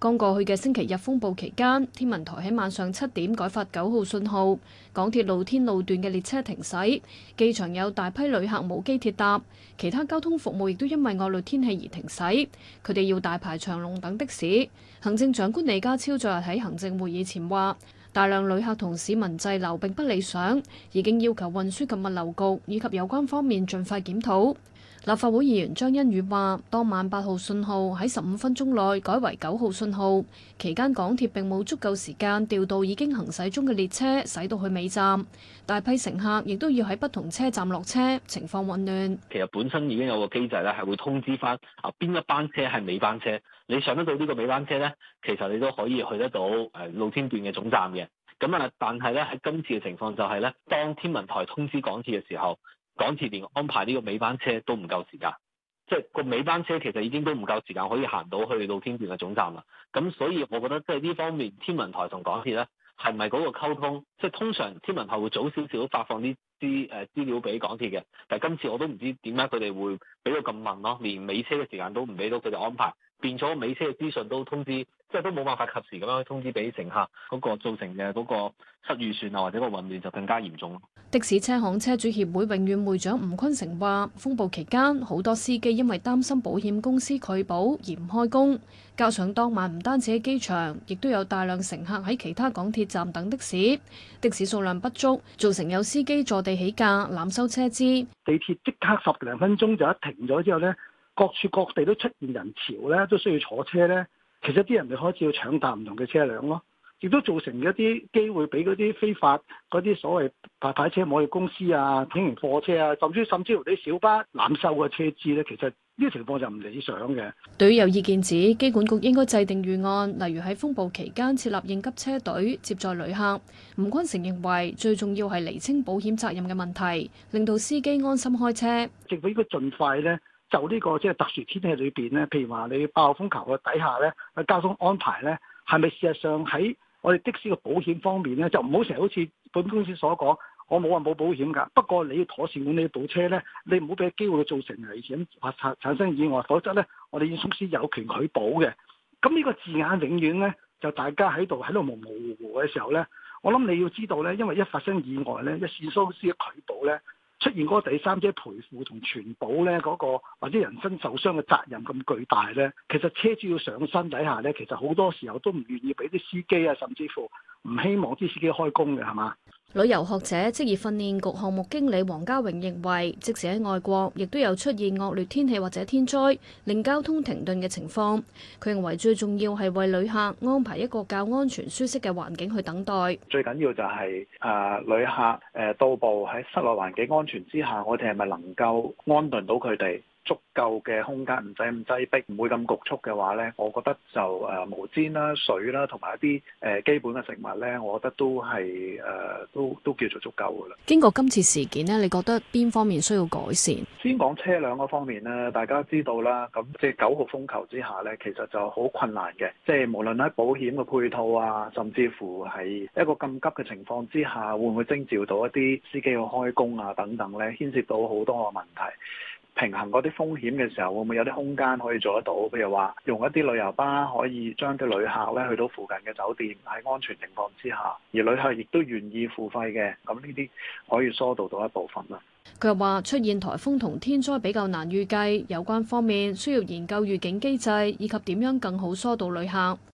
剛過去嘅星期日風暴期間，天文台喺晚上七點改發九號信號，港鐵露天路段嘅列車停駛，機場有大批旅客冇機鐵搭，其他交通服務亦都因為惡劣天氣而停駛，佢哋要大排長龍等的士。行政長官李家超昨日喺行政會議前話，大量旅客同市民滯留並不理想，已經要求運輸及物流局以及有關方面盡快檢討。立法會議員張欣宇話：當晚八號信號喺十五分鐘內改為九號信號，期間港鐵並冇足夠時間調度已經行駛中嘅列車，駛到去尾站。大批乘客亦都要喺不同車站落車，情況混亂。其實本身已經有個機制咧，係會通知翻啊邊一班車係尾班車，你上得到呢個尾班車咧，其實你都可以去得到誒露天段嘅總站嘅。咁啊，但係咧喺今次嘅情況就係咧，當天文台通知港鐵嘅時候，港鐵連安排呢個尾班車都唔夠時間，即係個尾班車其實已經都唔夠時間可以行到去露天段嘅總站啦。咁所以，我覺得即係呢方面天文台同港鐵咧，係唔係嗰個溝通？即係通常天文台會早少少發放啲啲誒資料俾港鐵嘅，但係今次我都唔知點解佢哋會俾到咁慢咯，連尾車嘅時間都唔俾到佢哋安排。變咗美車嘅資訊都通知，即係都冇辦法及時咁樣通知俾乘客，嗰個造成嘅嗰個失預算啊，或者個混亂就更加嚴重。的士車行車主協會永遠會長吳坤成話，風暴期間，好多司機因為擔心保險公司拒保而唔開工。加上當晚唔單止喺機場，亦都有大量乘客喺其他港鐵站等的士，的士數量不足，造成有司機坐地起價、攬收車資。地鐵即刻十零分鐘就一停咗之後呢。各處各地都出現人潮咧，都需要坐車咧。其實啲人咪開始要搶搭唔同嘅車輛咯，亦都造成一啲機會俾嗰啲非法嗰啲所謂白牌車、網約車公司啊、小型貨車啊，甚至甚至乎啲小巴濫收嘅車資咧。其實呢個情況就唔理想嘅。對於有意見指機管局應該制定預案，例如喺風暴期間設立應急車隊接載旅客，吳坤成認為最重要係釐清保險責任嘅問題，令到司機安心開車。政府應該盡快咧。就呢、這個即係、就是、特殊天氣裏邊咧，譬如話你暴風球嘅底下咧，個交通安排咧，係咪事實上喺我哋的士嘅保險方面咧，就唔好成日好似本公司所講，我冇話冇保險㗎。不過你要妥善管理部車咧，你唔好俾機會佢造成危險或產產生意外，否則咧，我哋要主司有權拒保嘅。咁呢個字眼永遠咧，就大家喺度喺度模模糊糊嘅時候咧，我諗你要知道咧，因為一發生意外咧，一線收司拒保咧。出現嗰第三者賠付同全保呢嗰、嗰個或者人身受傷嘅責任咁巨大呢，其實車主要上身底下呢，其實好多時候都唔願意俾啲司機啊，甚至乎唔希望啲司機開工嘅，係嘛？旅遊學者、職業訓練局項目經理黃家榮認為，即使喺外國，亦都有出現惡劣天氣或者天災，令交通停頓嘅情況。佢認為最重要係為旅客安排一個較安全、舒適嘅環境去等待。最緊要就係誒，旅客誒，到步喺室內環境安全之下，我哋係咪能夠安頓到佢哋？足夠嘅空間，唔使咁擠迫，唔會咁局促嘅話呢，我覺得就誒毛氈啦、水啦，同埋一啲誒、呃、基本嘅食物呢，我覺得都係誒、呃、都都叫做足夠噶啦。經過今次事件呢，你覺得邊方面需要改善？先講車輛嗰方面呢，大家知道啦，咁即係九號風球之下呢，其實就好困難嘅。即係無論喺保險嘅配套啊，甚至乎係一個咁急嘅情況之下，會唔會徵召到一啲司機去開工啊？等等呢，牽涉到好多嘅問題。平衡嗰啲風險嘅時候，會唔會有啲空間可以做得到？譬如話，用一啲旅遊巴可以將啲旅客咧去到附近嘅酒店，喺安全情況之下，而旅客亦都願意付費嘅，咁呢啲可以疏導到一部分啦。佢又話，出現台風同天災比較難預計，有關方面需要研究預警機制，以及點樣更好疏導旅客。